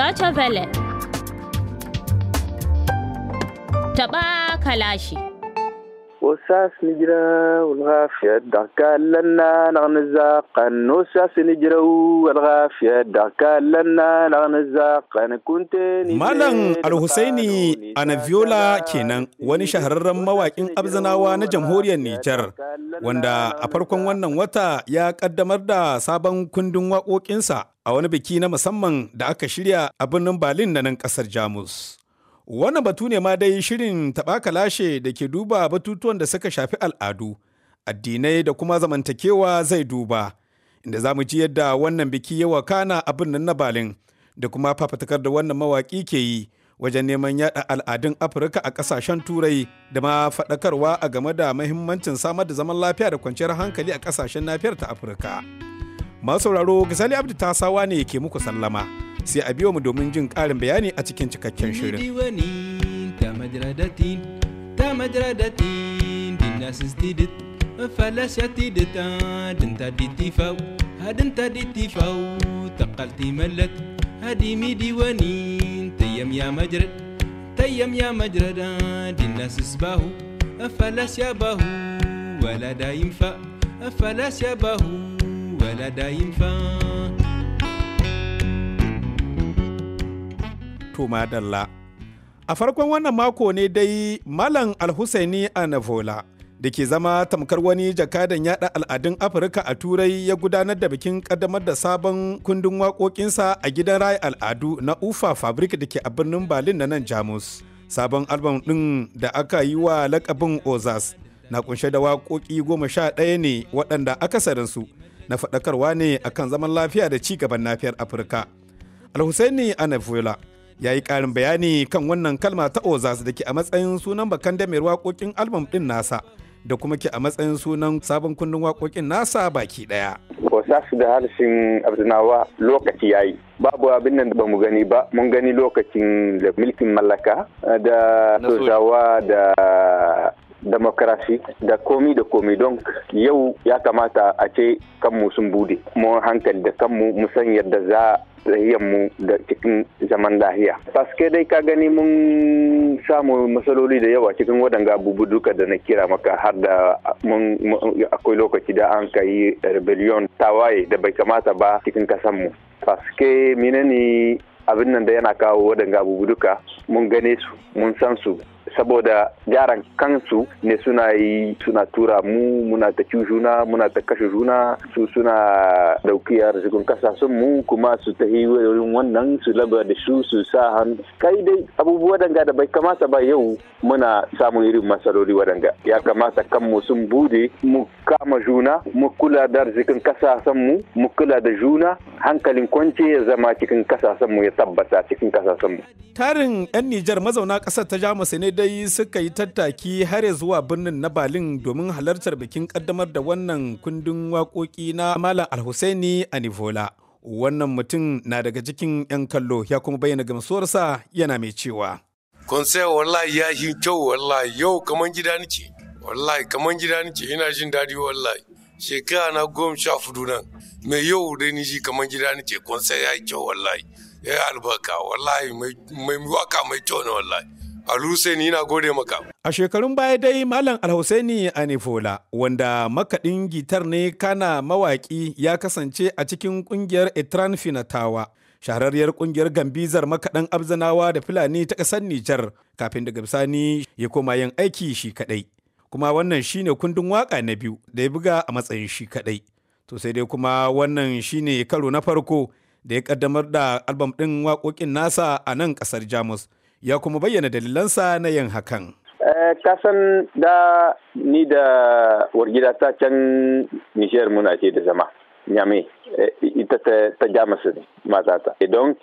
Deutsche Welle. Taɓa kalashi. وساس نجرا والغافية دهكا لنا نغنزاقا وساس نجرا والغافية دهكا لنا نغنزاقا كنت مالن الحسيني أنا فيولا كينان wani shahararren mawaƙin abzanawa na jamhuriyar Nijar wanda a farkon wannan wata ya ƙaddamar da sabon kundin waƙoƙinsa a wani biki na musamman da aka shirya a birnin Berlin na nan ƙasar Jamus. Wannan batu ne ma dai shirin taɓa kalashe da ke duba batutuwan da suka shafi al'adu, addinai da kuma zamantakewa zai duba, inda za mu ji yadda wannan biki yawa kana abin nan na balin da kuma fafatakar da wannan mawaƙi ke yi wajen neman yada al'adun Afirka a ƙasashen Turai da ma faɗakarwa a game da mahimmancin samar da zaman lafiya da kwanciyar hankali a ƙasashen lafiyar ta Afirka. Masu sauraro, Gisali Abdu ne ke muku sallama. sai a biyo mu domin jin ƙarin bayani a cikin cikakken shirin. تقلتي ملت هديمي ديوانين تيم يا مجرد تيم يا مجرد دي الناس سباهو أفلا سياباهو ولا دا ينفع أفلا سياباهو ولا دا ينفع to madalla. A farkon wannan mako ne dai Malam Alhusaini Anavola da ke zama tamkar wani jakadan yada al'adun Afirka a Turai ya gudanar da bikin kaddamar da sabon kundin waƙoƙinsa a gidan raya al'adu na Ufa Fabrik da ke a birnin Berlin na nan Jamus. Sabon album ɗin da aka yi wa lakabin Ozas na kunshe da waƙoƙi goma sha ɗaya ne waɗanda su na faɗakarwa ne akan zaman lafiya da ci gaban lafiyar Afirka. Alhusaini Anavola ya yi ƙarin bayani kan wannan kalma ta ozas da ke a matsayin sunan bakan damar waƙoƙin albam ɗin nasa da kuma ke a matsayin sunan sabon kundin waƙoƙin nasa baki ɗaya. Osas da harshen abdinawa lokaci ya yi. Babu abin nan da ba mu gani ba, mun gani lokacin da mulkin mallaka eh, da sojawa da demokrasi da komi da komi don yau ya kamata a ce kanmu sun bude mu hankali da kanmu mu san yadda za mu da cikin zaman lahiya. Paske dai ka gani mun samu matsaloli da yawa cikin waɗanga duka da na kira maka har da mun akwai lokaci da an ka yi rebellion tawaye da bai kamata ba cikin kasanmu. Paske mine ne abin nan da yana kawo waɗanga duka mun gane su mun san su saboda jaran kansu ne suna yi suna tura mu muna ta juna muna ta kashe juna su suna dauki arzikin kasashen mu kuma su ta yi wurin wannan su laba da su su sa hannu kai dai abubuwa danga da bai kamata ba yau muna samun irin matsaloli wadanga ya kamata kanmu sun bude mu kama juna mu kula da arzikin kasashen mu mu kula da juna hankalin kwance ya zama cikin kasashen mu ya tabbata cikin kasashen mu tarin yan Nijar mazauna kasar ta Jamus ne dai suka yi tattaki har zuwa birnin na Balin domin halartar bikin kaddamar da wannan kundin waƙoƙi na Malam a nivola Wannan mutum na daga cikin 'yan kallo ya kuma bayyana gamsuwarsa yana mai cewa. Konsai wallahi ya yi kyau wallahi yau kamar gida nake. Wallahi kamar gida nake ina jin daɗi wallahi. Shekara na goma sha fudu nan. Mai yau dai ni shi kamar gida nake konsai ya yi kyau wallahi. Ya yi albarka wallahi mai waka mai kyau ne wallahi. Alhusaini na gode maka. A shekarun baya dai Malam Alhusaini Anifola wanda makaɗin gitar ne kana mawaƙi ya kasance a cikin ƙungiyar Etran Finatawa. shahararriyar ƙungiyar gambizar makaɗan abzanawa da fulani ta ƙasar Nijar kafin daga bisani ya koma yin aiki shi kaɗai. Kuma wannan shine kundin waƙa na biyu da ya buga a matsayin shi kaɗai. To sai dai kuma wannan shine karo na farko da ya ƙaddamar da albam ɗin waƙoƙin nasa a nan ƙasar Jamus. ya kuma bayyana dalilansa na yin hakan. Eh, kasan da ni da wargida ta can nishiyar muna ce da zama nyame eh, ita ta jamus mazata matata idan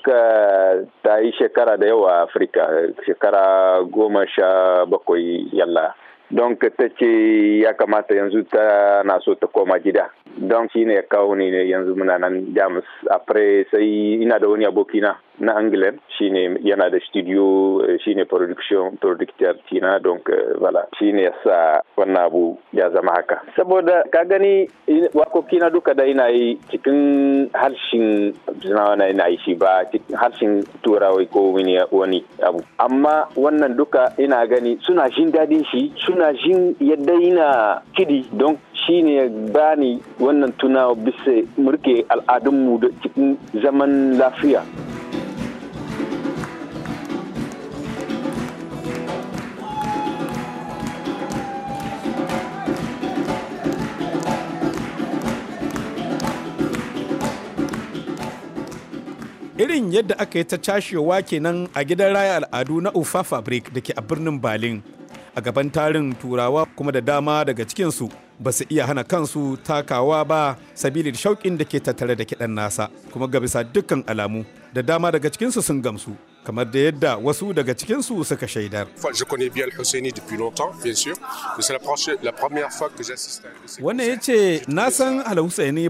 ta yi shekara da yawa a afirka shekara goma sha bakwai yalla don ta ce ya kamata yanzu ta na so ta koma gida don shi ne ya kawo ne yanzu muna nan jamus apre sai ina da wani abokina na Anglais shine yana da studio eh, shine production producteur tina donc eh, voilà shine sa wannan abu ya zama haka saboda ka gani wakokina na duka da ina yi cikin harshen wana ina yi shi ba cikin harshen turawai ko wani wani abu amma wannan duka ina gani suna jin dadin shi suna jin yadda ina kidi don shi ne bani wannan tunawa bisa murke al'adunmu da cikin zaman lafiya yadda aka yi ta cashewa kenan a gidan raya al'adu na ufa fabric da ke a birnin berlin a gaban tarin turawa kuma da dama daga cikinsu ba su iya hana kansu takawa ba sabilin shauƙin da ke tattare da kiɗan nasa kuma ga bisa dukkan alamu da dama daga cikinsu sun gamsu kamar da yadda wasu daga cikin su suka shaidar. Wannan ya ce, na san al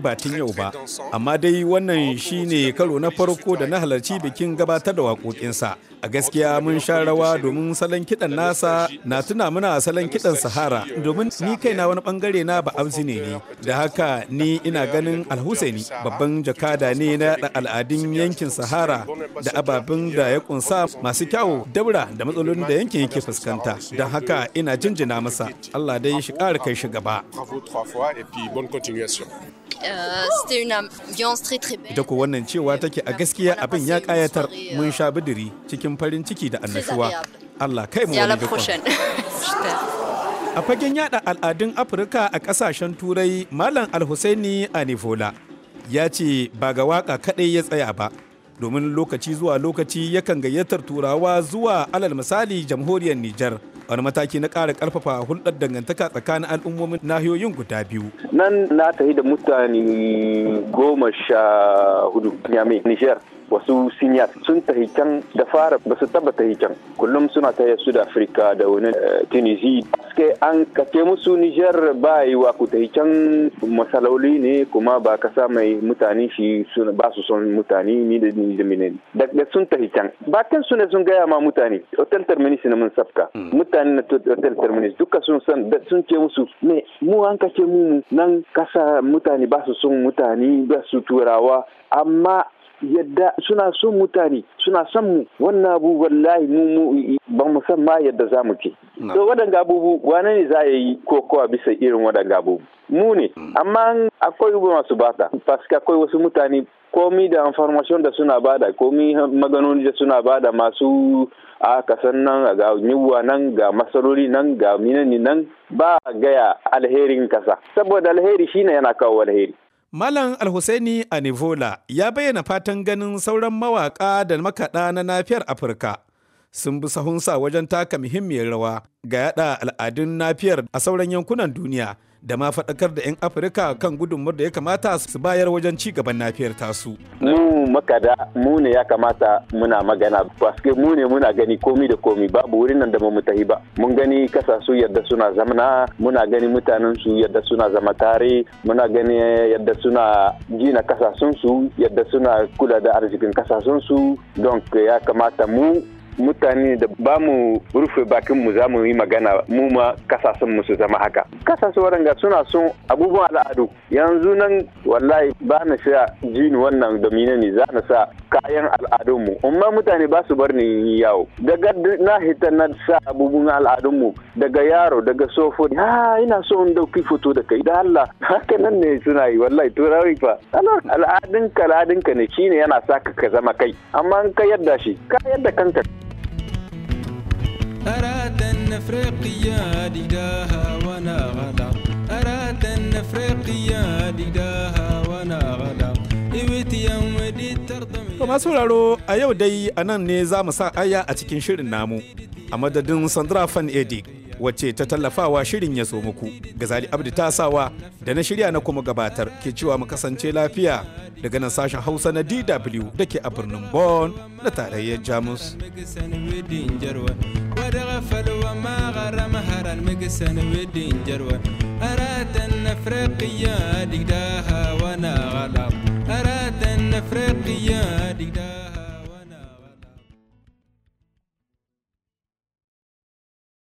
ba tun yau ba, amma dai wannan shi ne karo na farko da na halarci bikin gabatar da waƙoƙinsa. A gaskiya mun sha rawa domin salon kiɗan nasa na tuna muna salon kiɗan Sahara euh, domin ni kai na wani bangare na ba amsine ne. Da haka ni ina ganin al babban jakada ne na al'adun yankin Sahara da ababen da ya kunsa masu kyawu daura da matsalolin da yankin yake fuskanta don haka ina jinjina masa allah dai shi ƙara kai shi gaba Ita ko wannan cewa take a gaskiya abin ya kayatar mun sha bidiri cikin farin ciki da annashuwa. Allah kai mu wani A fagen yada al'adun Afirka a kasashen Turai, Malam Alhussaini Anifola ya ce ba ga waka kaɗai ya tsaya ba, domin lokaci zuwa lokaci yakan gayyatar turawa zuwa alal misali jamhuriyar Nijar. wani mataki na kara ƙarfafa hulɗar dangantaka tsakanin al'ummomin nahiyoyin guda biyu. Nan na tafi da mutane goma sha hudu Nijar. wasu senior sun tahi can da fara ba su taba tahi can kullum suna ta su da afirka da wani eh, tunisi suke an kace musu niger ba yi wa ku tahi can masaloli ne kuma ba kasa mai mutane shi ba su son mutane ni da ni da mine da sun tahi can ba kan su ne sun gaya ma mutane hotel terminus na mun sabka hmm. mutane na hotel terminus duka sun san da sun ce musu me mu an kace mu nan kasa mutane ba su son mutane ba su turawa amma yadda suna son mutane suna son mu wannan abu wallahi mu mu ba mu san ma yadda za mu ke to waɗanga abubu wane ne za a yi kokowa bisa irin waɗanga abubu mu ne hmm. amma akwai masu bata paske akwai wasu mutane komi da information da suna bada komi maganoni da suna bada masu a kasan nan ga yiwuwa nan ga masarori nan ga minani nan ba gaya alherin kasa saboda alheri shine yana kawo alheri Malam Alhussaini Anivola ya bayyana fatan ganin sauran mawaƙa da makaɗa na nafiyar Afirka sun bi sahunsa wajen taka muhimmiyar rawa ga yada al'adun nafiyar a sauran yankunan duniya da ma faɗakar da 'yan afirka kan gudunmuwar da ya kamata su bayar wajen ci gaban nafiyar tasu mu makada mu ne ya kamata muna magana paske mu ne muna gani komi da komi babu wurin nan da mu tahi ba mun gani kasa su yadda suna zamana muna gani mutanen su yadda suna zama tare muna gani yadda suna gina kasasun su yadda suna kula da arzikin kasasun su don ya kamata mu mutane da ba mu rufe bakin mu za mu yi magana mu ma kasasun mu su zama haka kasasun waɗanda suna sun abubuwan al'adu yanzu nan wallahi ba na sha jini wannan domin ne za na sa kayan al'adun mu amma mutane ba su bar ni yawo daga na hita na sa abubuwan al'adun mu daga yaro daga sofo ha ah, ina so in dauki foto da kai da Allah haka nan ne suna yi wallahi turawi fa al'adun ka al'adun ka ne shine yana sa ka zama kai amma ka yadda shi ka yadda kanka أراد أن أفريقيا ديداها وأنا أراد أن أفريقيا وأنا يوم دي masu sauraro a yau dai a nan ne za mu sa aya a cikin shirin namu a madadin Sandra Fan Edik wacce ta tallafawa shirin ya so muku. Gazali Abdi ta sawa da na shirya na kuma gabatar ke cewa mu kasance lafiya daga nan sashen Hausa na DW da ke a birnin Bonn na tarayyar Jamus. غفل وما غرم هران مقسن ودين جروان أراد أفريقيا دقداها وانا غلط أراد أفريقيا دقداها